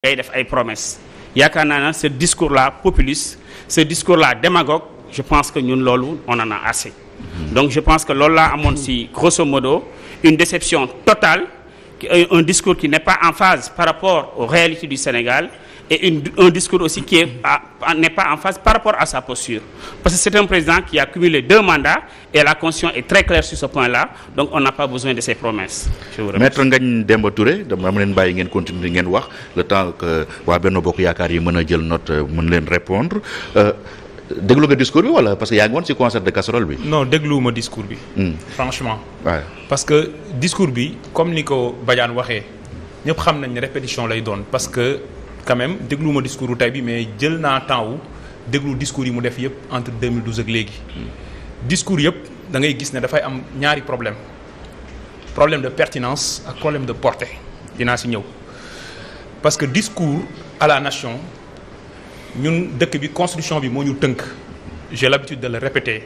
ngay def ay promesses yaakaar naa ne ce discours là populiste ce discours là démagogue je pense que ñun loolu on en a assez donc je pense que loolu laa amoon si grosso modo une déception totale un discours qui n'est pas en phase par rapport aux réalités du Sénégal et une, un discours aussi n'est pas en phase par rapport à sa posture. Parce que c'est un président qui a cumulé deux mandats et la conscience est très claire sur ce point-là donc on n'a pas besoin de ses promesses. je vous remercie dama leen bàyyi ngeen continuer ngeen wax le temps que waa Benno Bokk Yaakaar yi mën a jël note mën leen répondre euh, déglu nga discours bi walla parce que yaa ngi woon ci concert de casserole bi. non dégluwuma discours bi. Hmm. discours bi comme ni ko Badiane waxee ñëpp xam nañ ne répétition lay doon parce que. quand même déglu ma discours tay bi mais jël naa temps wu déglu discours yi mu def yëpp entre 2012 ak léegi. discours yëpp dangay gis ne dafay am ñaari problème problème de pertinence ak problème de portée dinaa si ñëw parce que discours à la nation ñun dëkk bi constitution bi moo ñu tënk j'ai l'habitude de le répéter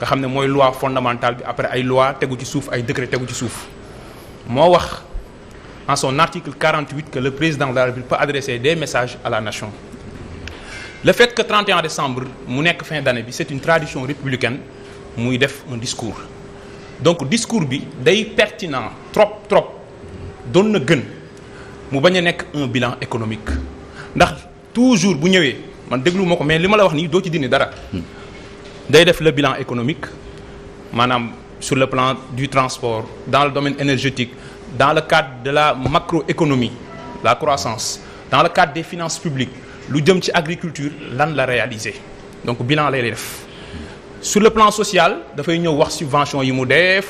nga xam ne mooy loi fondamentale bi après ay loi tegu ci suuf ay décret tegu ci suuf moo wax en son article 48 que le président de la République peut adresser des messages à la nation le fait que 31 décembre mu nekk fin d'année bi c'est une tradition républicaine muy def un discours donc discours bi day pertinent trop trop doon na gën mu bañ a nekk un bilan économique ndax toujours bu ñëwee man déglu ma ko mais li ma la wax nii doo ci dindi dara day def le bilan économique maanaam sur le plan du transport dans le domaine énergétique dans le cadre de la macroéconomie la croissance dans le cadre des finances publiques lu jëm ci agriculture lan la réaliser donc bilan lay def sur le plan social dafay ñëw wax subvention yi mu def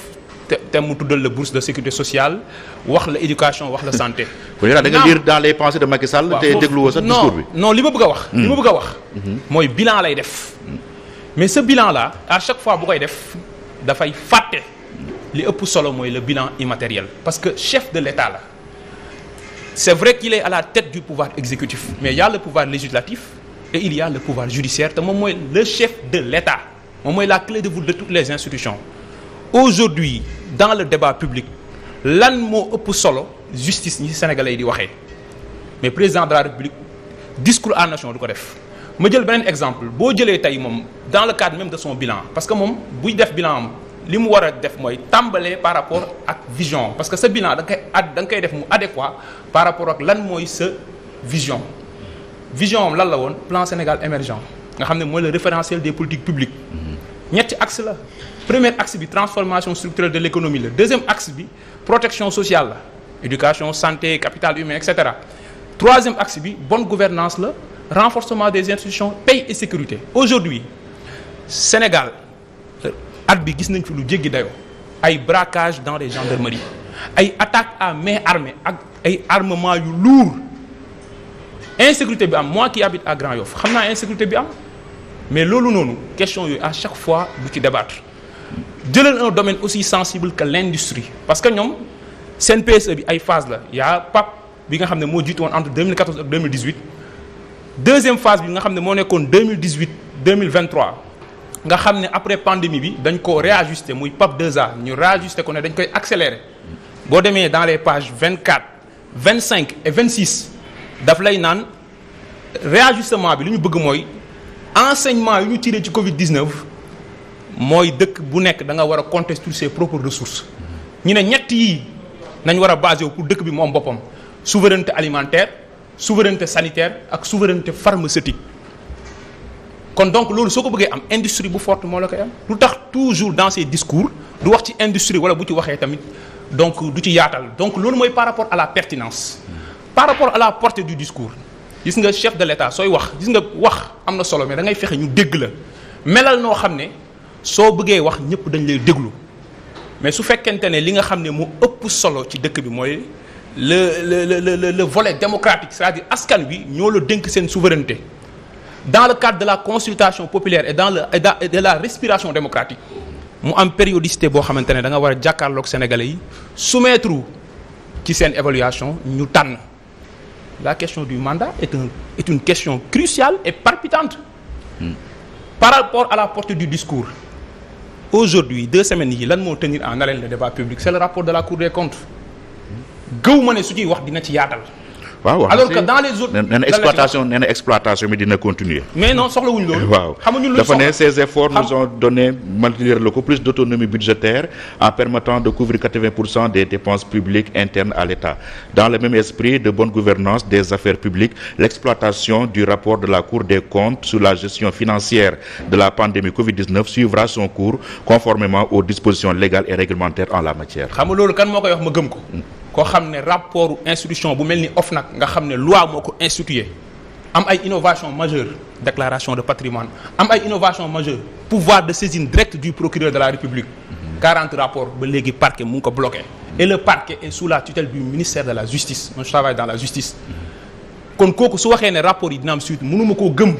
te mu tuddal la bourse de sécurité sociale wax la éducation wax la santé. kon da nga lire dans les pensées de Macky Sall. te dégluwoo sax discours bi non li ma bëgg a wax. li ma hmm. bëgg a wax. Hmm. mooy bilan lay def. mais ce bilan là à chaque fois bu koy def dafay fàtte. li ëpp solo mooy le bilan immatériel parce que chef de l'État la c'est vrai qu'il est à la tête du pouvoir exécutif mais il y a le pouvoir législatif et il y a le pouvoir judiciaire te moom mooy le chef de l'État moom mooy la clé de voûte de toutes les institutions aujourd'hui dans le débat public lan moo ëpp solo justice ñi sénégalais yi di waxee mais président de la république discours à nation du ko def ma jël beneen exemple boo jëlee tey moom dans le cadre même de son bilan parce que moom li mu war a def mooy tàmbalee par rapport ak vision parce que sa bilan da nga koy ad da koy def mu adéquat par rapport ak lan mooy sa vision vision am lan la woon plan Sénégal émergent nga xam ne mooy la référentiel des politiques publiques ñetti axe la premier axe bi transformation structurelle de l'économie la deuxième axe bi protection sociale la éducation santé capital humain et cetera troisième axe bi bonne gouvernance la renforcement des institutions paix et sécurité aujourd'hui Sénégal at bi gis nañ fi lu jéggi dayoo ay braquage dans les gendarmeries ay attaque à mais armée ak ay armement yu lourd insécurité bi am moi qui habite à Grand Yoff xam naa insécurité bi am mais loolu noonu question yooyu à chaque fois du ci débattre jëleen un domaine aussi sensible que l'industrie parce que ñoom seen PSE bi ay phase la y'a PAP bi nga xam ne moo jiitu woon entre 2014 ak 2018 deuxième phase bi nga xam ne moo nekkoon nga xam ne après pandémie bi dañ ko réajuster muy PAP 2A ñu réajuster ko ne dañ koy accélérer boo demee dans les pages vingt 25 et 26 daf lay naan réajustement bi lu ñu bëgg mooy enseignement yu ñu tiré ci Covid 19 mooy dëkk bu nekk da nga war a compter sur ses propres ressources ñu ne ñett yii nañ war a basé wu pour dëkk bi moom boppam souveraineté alimentaire souveraineté sanitaire ak souveraineté pharmaceutique. kon donc loolu soo ko bëggee am industrie bu fort moo la koy am lu tax toujours dans ses discours du wax ci industrie wala bu ci waxee tamit donc du ci yaatal donc loolu mooy par rapport à la pertinence par rapport à la portée du discours gis nga chef de l'État sooy wax gis nga wax am na solo mais dangay fexe ñu dégg la melal noo xam ne soo bëggee wax ñëpp dañ lay déglu mais su fekkente ne li nga xam ne mu ëpp solo ci dëkk bi mooy le le le le volet démocratique cest à askan wi ñoo la dénk seen souveraineté dans le cadre de la consultation populaire et dans le et de la respiration démocratique mu am périodicité boo xamante ne da nga war a jàkkaarloog sénégalais yi soumettre ci seen évaluation ñu tànn la question du mandat est un est une question cruciale et palpitante mm. par rapport à la portée du discours aujourd'hui deux semaines yi lan moo tenir en haleine le débat public c'est le rapport de la Cour des comptes hmm. gëw ne su ciy wax dina ci yaatal waaw wax alors que dans les bi dina continuer. mais non soxlawuñ waaw xamuñu lu dafa ne ces efforts nous ont donné maintenir le ko plus d' autonomie budgétaire en permettant de couvrir 80 pour cent des dépenses publiques internes à l'État dans le même esprit de bonne gouvernance des affaires de la Cour financière de la pandémie Covid-19 suivra son cours conformément aux dispositions légales et réglementaires en la matière. nga loolu kan moo koy ko. Mm. koo xam ne rapport institution bu mel ni nag nga xam ne loi moo ko institué am ay innovation majeure déclaration de patrimoine am ay innovation majeure pouvoir de saisine directe du procureur de la République 40 mhm. rapports ba léegi parquet mu ngi ko bloqué mhm. et le parquet est sous la tutelle du ministère de la justice moi je travaille dans la justice mhm. kon kooku su waxee ne rapport yi dina am suite mënuma koo gëm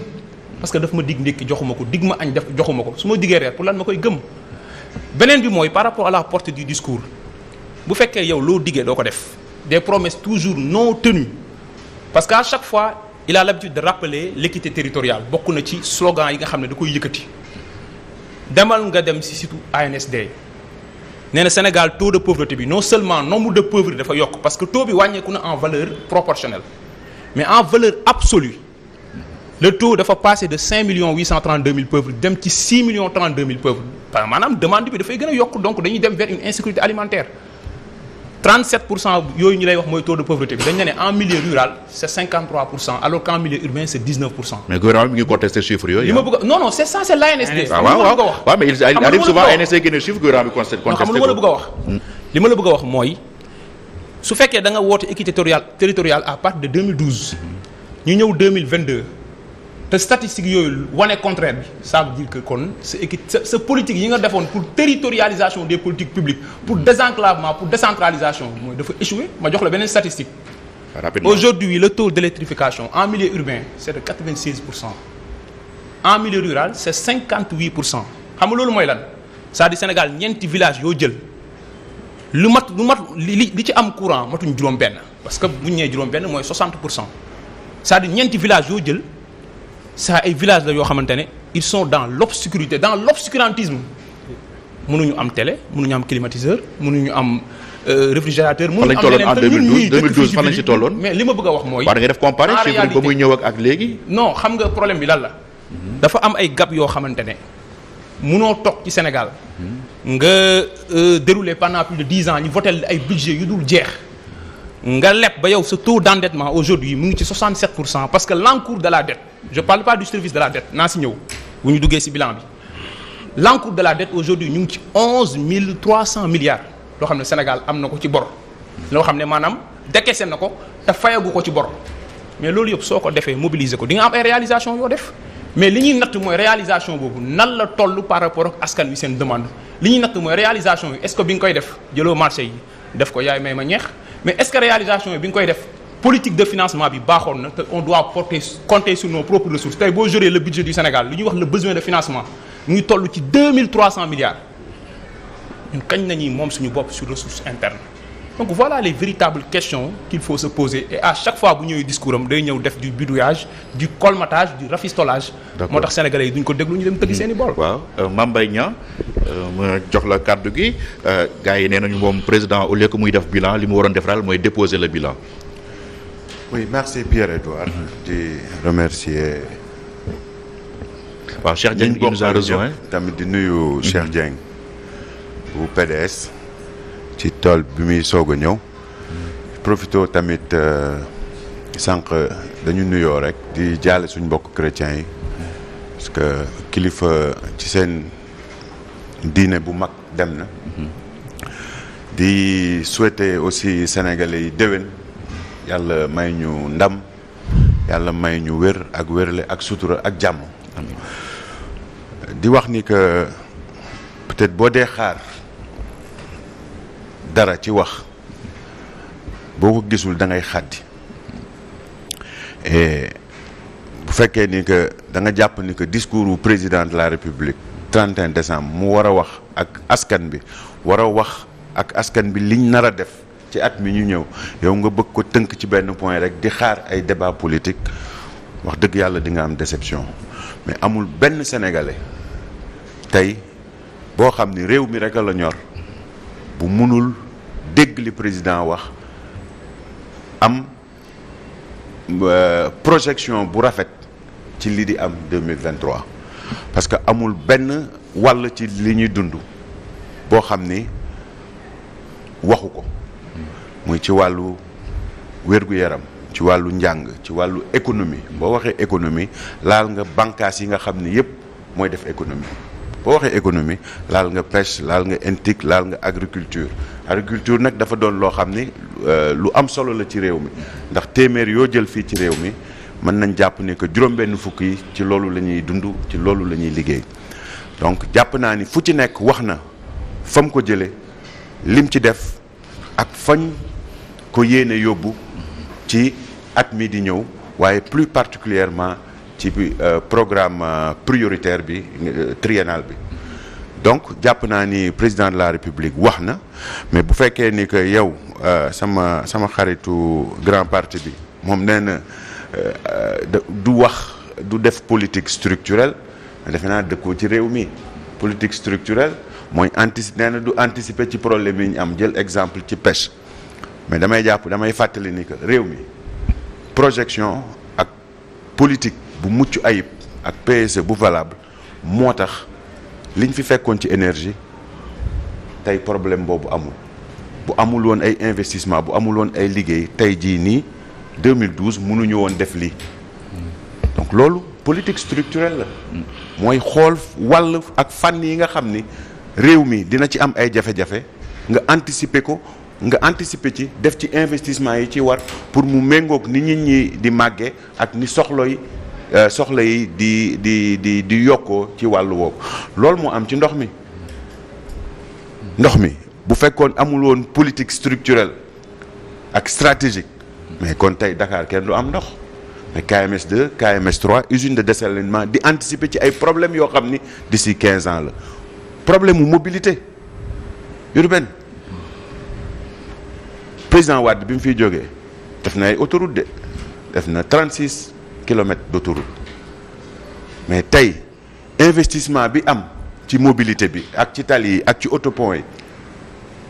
parce que daf ma dig ndékki joxuma ko dig ma def joxuma ko su ma digee reer pour lan ma koy gëm beneen bi mooy par rapport à la portée du bu fekkee yow loo diggee doo ko def des promesses toujours non tenues parce que à chaque fois il a l'habitude de rappeler l'équité territoriale bokk na ci slogan yi nga xam ne da koy yëkkati demal nga dem si surtout ANSD nee na Sénégal taux de pauvreté bi non seulement nombre de pauvres dafa yokk parce que taux bi wàññeeku na en valeur proportionnelle mais en valeur absolue le taux dafa passé de 5 millions 832 mille pauvres dem ci 6 millions 32 mille pauvres maanaam demande bi yokk donc dañuy dem vers une alimentaire 37 pour cent yooyu ñu lay wax mooy taux de pauvreté bi dañ ne ne en milieu rural c' est 53 pour cent alors qu' en milieu urbain c' est 19 pour cent. mais gouvernement bi ngi contesté chiffres yooyu. li ma bëgg non non c' est ça c' est l' ANSD. Ah, waaw waaw waaw xam lu ma la bëgg a wax. li ma la bëgg a wax mooy su fekkee da woote équité territoriale territoriale à partir de 2012 ñu ñëw te statistique yooyu wane contraire bi saa veut dire que kon sa équipe sa sa yi nga defoon pour territorialisation des politiques publiques pour désenclavement pour décentralisation mooy dafa échoué ma jox la beneen statistique. rapidement aujourd'hui le taux d'électrification en milieu urbain c'est de 96 pour cent en milieu rural c'est 58 pour cent xam loolu mooy lan cest à ñeenti village yoo jël lu mat lu mat li li ci am courant matuñ juróom-benn parce que bu ñu nee juróom-benn mooy 60 pour cent cest à ñeenti village yoo jël. ça ay village la yoo xamante ne ils sont dans l'obscurité dans l'obscurantisme mënuñu am télé mënuñu am climatiseur mënuñu am euh, réfrigérateur. mënuñu am leneen te ñun ñii 2012 fan lañ ci tolloon mais li ma bëgg a wax mooy. en da nga def comparé chiffre ba muy ñëw ak léegi. non xam nga problème bi lan la. dafa am ay gap yoo xamante ne mënoo toog ci Sénégal. nga euh, dérouler pendant plus de dix ans ñu voté ay budget yu dul jeex. nga leb ba yow sa taux d' endettement aujourd'hui mu ngi ci 67 pour cent parce que l' encours de la dette je parle pas du service de la dette naa si ñëw bu ñu duggee si bilan bi l' de la dette aujourd'hui ñu ngi ci 11 300 milliards loo xam ne Sénégal am na ko ci bor loo xam ne maanaam décaissé na ko te fayagu ko ci bor mais loolu yëpp soo ko defee mobilisé ko di nga am ay réalisation yoo def mais li ñuy natt mooy réalisation boobu nan la toll par rapport ak askan wi seen demande li ñuy natt mooy réalisation yi est ce bi nga koy def jëloo marché yi def ko yaay may ma ñeex mais est-ce que réalisation bi nga koy def politique de financement bi baaxoon na te on doit porter compter sur nos propres ressources tey boo juree le budget du Sénégal lu ñuy wax le besoin de financement mu ngi toll ci deux mille trois cent milliards ñun kañ nañuy moom suñu bopp su ressources interne donc voilà les véritables questions qu'il faut se poser et à chaque fois bu ñëwee discours am day ñëw def du bidouillage du colmatage du rafistolage. moo tax sénégalais yi duñ ko déglu ñu dem tëgg hmm. seen i bool. waaw euh, Mame Mbaye Niang euh, jox la kàddu gi euh, gars yi nee nañu moom président au lieu que muy def bilan li mu waroon def daal mooy déposer le bilan. oui merci Pierre-Edouard. Hmm. di remercier. waaw Cheikh Dieng il nous a tamit di nuyu hmm. Cheikh Dieng bu PDS. ci tool bi muy soog a ñëw profito tamit euh, sànq dañu nuyoo rek di jaale suñ mbokk chrétiens yi parce que kilifa ci seen diine bu mag dem na di souhaiter aussi sénégalais yi déwén yàlla may ñu ndam yàlla may ñu wér ak wérle ak sutura ak jàmm di wax ni que peut boo dee xaar dara ci wax boo ko gisul da ngay xàddi eh, bu fekkee ni que da nga jàpp ni que discours bu président de la république 31 décembre mu war a wax ak askan bi war a wax ak askan bi liñ nar a def ci at mi ñu ñëw yow nga bëgg ko tënk ci benn point rek di xaar ay débat politique wax dëgg yàlla di nga am déception mais amul benn sénégalais tey boo xam ni réew mi rek a la ñor bu munul dégg li président wax am euh, projection bu rafet ci li di am 2023 parce que amul benn wàll ci li ñuy dund boo xam ni waxu ko muy ci wàllu wérgu yaram ci wàllu njàng ci wàllu économie boo waxee économie laal nga bànkaas yi nga xam ni yépp mooy def économie boo waxee économie laal nga preche laal nga intique laal nga agriculture agriculture nag dafa doon loo xam ni euh, lu am solo la ci réew mi ndax téeméer yoo jël fii ci réew mi mën nañ jàpp ni que juróom-benn fukk yi ci loolu la ñuy dund ci loolu la ñuy liggéey donc jàpp naa ni fu ci nekk wax na fa ko jëlee lim ci def ak fañ ko yéene yóbbu ci at mii di ñëw waaye plus particulièrement ci euh, programme euh, prioritaire bi euh, triennal bi donc jàpp naa ni président de la république wax na mais bu fekkee ni que yow sama sama xaritu grand parti bi moom nee na du wax du def politique structurelle defe naa dëkkoo ci réew mi politique structurelle mooy antici nee na du anticiper ci problème yi ñu am jël exemple ci pêche mais damay jàpp damay fàttali ni que réew mi projection ak politique bu mucc ayib ak ps e bu valable moo tax liñ fi fekkoon ci énergie tey problème boobu amul bu amul woon ay investissement bu amuloon ay liggéey tey jii nii 2012 mënuñu woon def lii donc loolu politique structurelle la mooy xool wàll ak fànn yi nga xam ni réew mi dina ci am ay jafe-jafe nga anticiper ko nga anticiper ci def ci investissement yi ci war pour mu méngoog ni nit ñi di màggee ak ni soxlo yi Euh, soxla yi di di di di yokkoo ci wàllu woow loolu moo am ci ndox mi ndox mi bu fekkoon amul woon politique structurelle ak stratégique mais kon tey dakaar kenn du am ndox mais KMS 2 KMS de usine de dessalement di anticiper ci ay problèmes yoo xam ni d'ici 15 ans la problème mu mobilité urbaine président Wade bi mu fiy jógee def na ay autoroute de def na 36. kilomètres d'autoroute mais tey investissement bi am ci mobilité bi ak ci tali yi ak ci autopont yi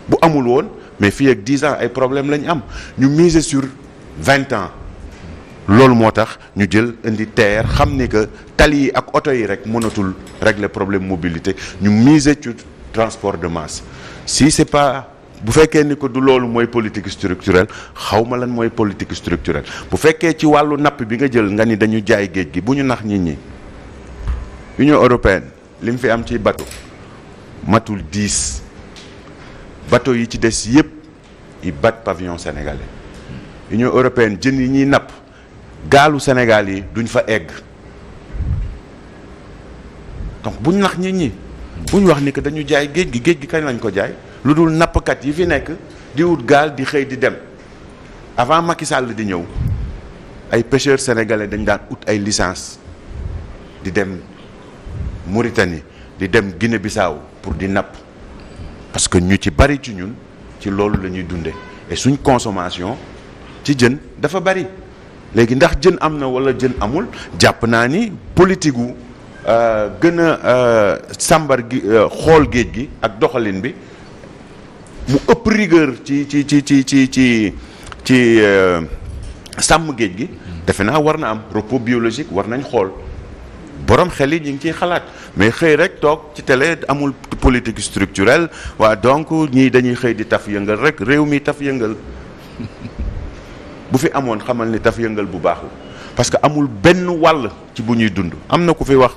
bu amul woon mais fii ak dix ans ay problème la ñu am ñu miser sur vingt ans loolu moo tax ñu jël indi terre xam ni que tali yi ak oto yi rek mënatul régler problème mobilité ñu miser ci transport de masse si c'est pas bu fekkee ni ko du loolu mooy politique structurelle xaw ma lan mooy politique structurelle bu fekkee ci wàllu napp bi nga jël nga ni dañu jaay géej gi bu ñu nax nit ñi Union européenne li mu fi am ci bateau matul diis bateau yi ci des yëpp yi bat pavillon sénégalais Union européenne jën yi ñiy napp gaalu Sénégal yi duñ fa egg donc buñ nax nit ñi buñ wax ni que dañu jaay géej gi géej gi kañ lañ ko jaay lu dul nappkat yi fi nekk di wut gaal di xëy di dem avant Macky Sall di ñëw ay pêcheurs sénégalais dañ daan ut ay licence di dem Mauritanie di dem Guinée-Bissau pour di napp parce que ñu ci bari ci ñun ci loolu la ñuy dunde et suñ consommation ci jën dafa bari léegi ndax jën am na wala jën amul jàpp naa ni politique gu euh, gën a euh, sàmbar gi euh, xool géej gi ak doxalin bi mu ëpp rigueur ci ci ci ci ci ci ci euh, sàmm géej gi defe naa war na am repos biologique war nañ xool borom xel yi ñu ngi ciy xalaat mais xëy rek toog ci tele amul politique structurel waa donc ñii dañuy xëy di taf yëngal rek réew mi taf yëngal bu fi amoon xamal ni taf yëngal bu baax parce que amul benn wàll ci bu ñuy dund am na ku fi wax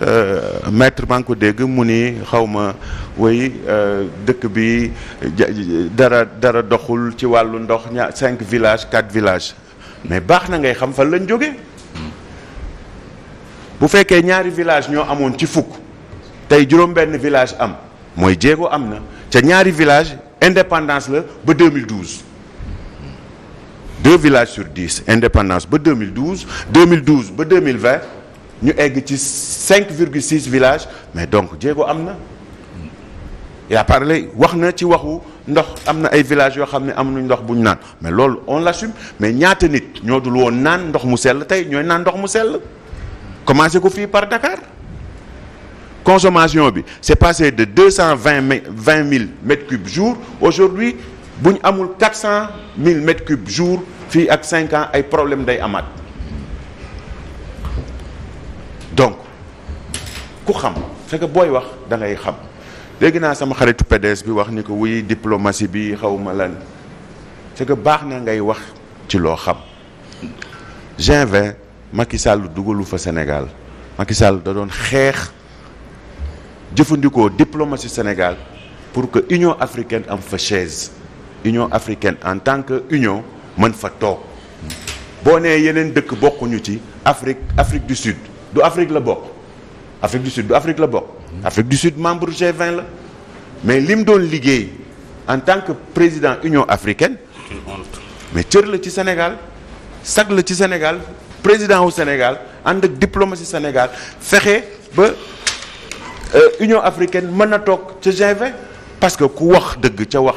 Euh, maître maa ngi ko dégg mu ni xawma ma woy euh, dëkk bi dara dara doxul ci wàllu ndox ña cinq villages quatre villages mais baax na ngay xam fan lañ jóge bu fekkee ñaari village ñoo amoon ci fukk tey juróom-benn village am mooy jéego am na ca ñaari village independance la ba 2012 deux villages sur dix indépendance ba 2012 2012 ba 2020 ñu egg ci cinq virgule six village mais donc jéego am na yaa parlé wax na ci waxu ndox am na ay villages yoo xam ne amuñu ndox bu ñu naan mais loolu on l'assume mais ñaata nit ñoo dul woon naan ndox mu sell tey ñooy naan ndox mu sell commencé ko fii par Dakar consommation bi c'est passé de deux cent vingt vingt mille mètres cubes jour aujourd'hui bu ñu amul quatre cent mille mètres cubes jour fii ak cinq ans ay problème day amaat donc ku xam c'est booy wax dangay xam léegi naa sama xaritu PDS bi wax ni ko wuy diplomatie bi xawma la c'est que baax na ngay wax ci loo xam juin 20 Macky dugalu fa Sénégal Macky Sall da doon xeex jëfandikoo diplomatie Sénégal pour que Union africaine am fa chaise Union africaine en tant que union mën fa toog boo nee yeneen dëkk bokkuñu ci Afrique Afrique du Sud du Afrique la bokk Afrique du Sud Afrique la bokk. Mhm. Afrique du Sud membre G20 la mais lim doon liggéey en tant que président Union africaine. mais cër la ci Sénégal sag la ci Sénégal président wu Sénégal ànd ak diplomatie Sénégal fexe ba euh, Union africaine mën na toog ca gv parce que ku wax dëgg ca wax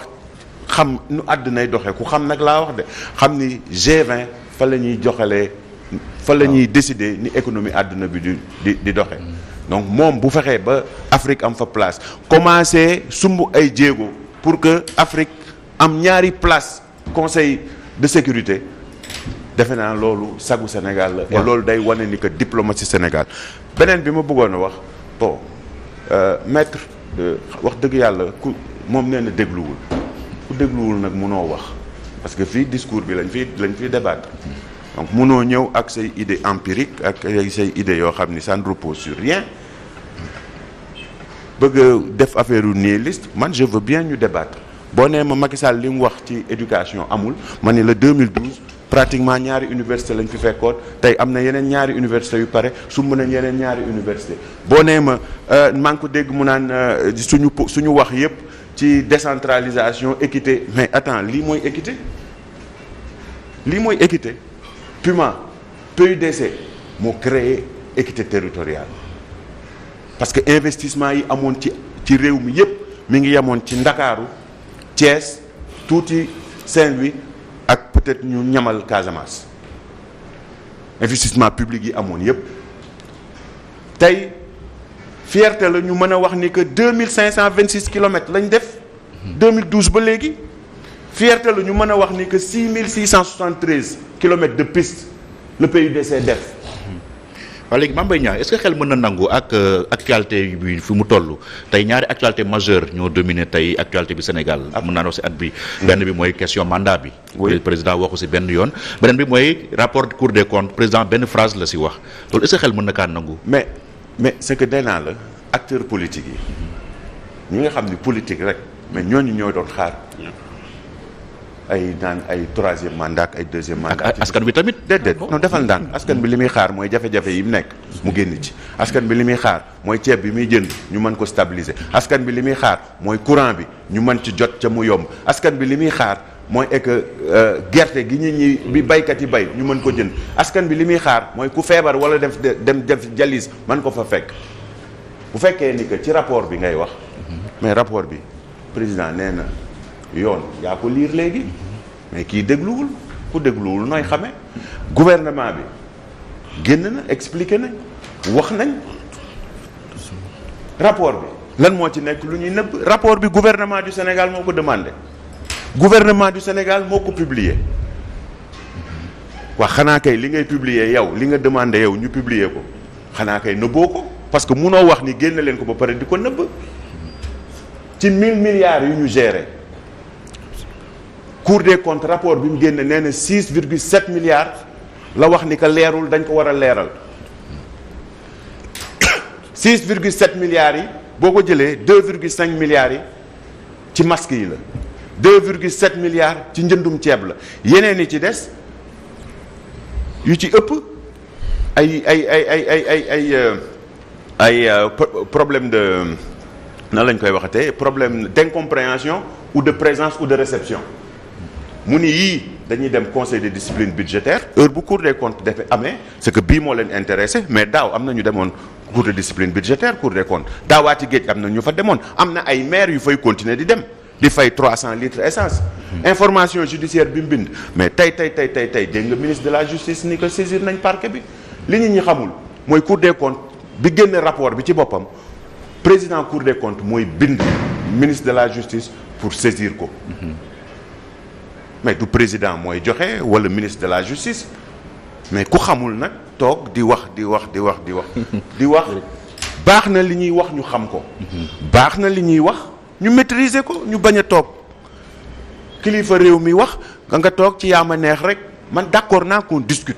xam nu àddinay doxee ku xam nag laa wax de xam ni G20 fa la ñuy joxalee. fa la ñuy décider ni économie àdduna bi di di di doxe donc moom bu fexee ba Afrique am fa place commencer sumb ay jéego pour que Afrique am ñaari place conseil de sécurité defe naa loolu sagu Sénégal la. et loolu day wane ni que diplomatie Sénégal beneen bi ma bëggoon a wax bon euh, maître euh, wax dëgg yàlla ku moom nee dégluwul ku dégluwul nag mënoo wax parce que fii discours bi lañ fi lañ fiy débattre. donc munoo ñëw ak say idée empirique ak say idée yoo xam ni ça ne repose sur rien bëgg def affaire u nihiliste man je veux bien ñu débattre boo nee ma Macky Sall li mu wax ci éducation amul ma ni la 2012 pratiquement ñaari université lañ fi fekkoon tey am na yeneen ñaari université yu pare su mën nañ yeneen ñaari université boo nee ma euh, maa ngi ko dégg mu naan euh, suñu suñu wax yépp ci décentralisation équité mais attends lii mooy équité lii mooy équité PUMA PUDC moo créer équité territoriale parce que investissement yi amoon ci ci réew mi yëpp mi ngi yemoon ci Ndakaaru Thiès tuuti Saint-Louis ak peut-être ñu ñamal Casamance investissement public yi amoon yëpp tey fierté la ñu mën a wax ni que deux mille cinq cent vingt six kilomètres lañ def 2012 ba léegi. fierté la ñu mën a wax ni que 6673 kilomètres de piste le PUDC def. waaw léegi Mame Mbaye Niang est-ce que xel mën na nangu ak euh, actualité bi fi mu toll tey ñaari actualité majeure ñoo dominé tey actualité bi Sénégal ah. mën naa wax si at bi hmm. benn bi mooy question mandat bi président waxu si benn yoon beneen bi mooy rapport Cour des comptes président benn phrase la si wax loolu est-ce que xel mën na kaa nangu mais mais c'est que nee naa la acteur politique yi ñu nga xam ni politique rek mais ñooñu ñooy doon xaar ay naan ay troisième mandat ay deuxième mandat. askan bi tamit. déedéet non defal ndànk askan bi li muy xaar mooy jafe-jafe mu nekk mu génn ci askan bi li muy xaar mooy ceeb bi muy jënd ñu mën ko stabiliser askan bi li muy xaar mooy courant bi ñu mën ci jot ca mu askan bi li muy xaar mooy est que euh, gerte gi ñu ñi bi baykat yi bay ñu mën ko jënd askan bi li muy xaar mooy ku feebar wala def dem def jalis man ko fa fekk bu fekkee ni que ci rapport bi ngay wax mhm. mais rapport bi président nee na. yoon yaa ko liir léegi mais kii dégluwul ku dégluwul nooy xamee gouvernement bi génn na expliqué nañ wax nañ rapport bi lan moo ci nekk lu ñuy nëbb rapport bi gouvernement du Sénégal moo ko demandé gouvernement du Sénégal moo ko publier wax xanaa kay li ngay publier yow li nga demandé yow ñu publier ko xanaa kay nëbboo ko parce que munoo wax ni génn leen ko ba pare di ko nëbb ci mille milliards yu ñu gérer cour des comptes rapport bi mu génne nee na 6,7 milliards la wax ni que leerul dañ ko war a leeral 6,7 milliards yi boo ko jëlee 2,5 milliards yi ci masques yi la 2,7 milliards ci njëndum ceeb la yeneen yi ci des yu ci ëpp ay ay ay ay ay ay ay euh, ay euh, problème de nan lañ koy waxatee problème d'incompréhension ou de présence ou de réception mu ni yii dañuy dem conseil de discipline budgétaire heure bu cour des comptes defee amee c'est que bii moo leen intéressé mais daaw am na ñu demoon cour de discipline budgétaire cour des comptes daawaati géej am na ñu fa demoon am na ay maire yu fay continuer di dem di fay 300 litres essence. Hmm. information judiciaire bi mu bind mais tey tey tey tey tey dégg nga ministre de la justice ni ko saisir nañ parquet bi li nit ñi xamul mooy cour des comptes bi génne rapport bi ci boppam président cour des comptes mooy bind ministre de la justice pour saisir ko. Hmm. mais du président mooy joxe wala ministre de la justice mais ku xamul nag toog di wax di wax di wax di wax di wax baax na li ñuy wax ñu xam ko baax na li ñuy wax ñu maîtriser ko ñu bañ a toog kilifa réew mi wax nga nga toog ci yaa ma neex rek man d'accord naa qu'on discute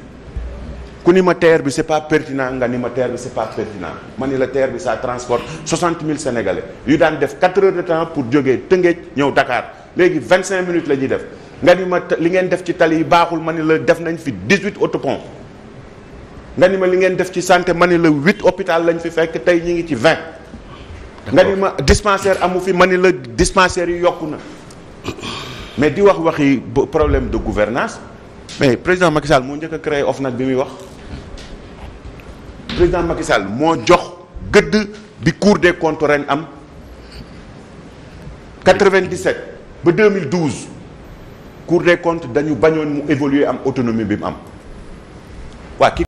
ku ni ma terre bi c'est pas pertinant nga ni ma terre bi c'est pas pertinent ma ni la terre bi ça transporte soixante mille sénégalais yu daan def quatre heures de temps pour jógee Tëngéej ñëw Dakar léegi vingt cinq minutes la ñuy def nga ni ma li ngeen def ci tali yi baaxul ma ni la def nañ fi 18 autopont nga ni ma li ngeen def ci santé ma ni la 8 hôpital lañu fi fekk tey ñu ngi ci 20. nga ni ma dispensaire amu fi ma ni la dispensaire yu yokku na mais di wax waxi problème de gouvernance mais président Macky Sall moo njëkk a créé OFNAC bi muy wax président Macky moo jox gëdd bi cour des comptes ren am 97 ba 2012 cour des comptes dañu bañoon mu évoluer am autonomie bi mu am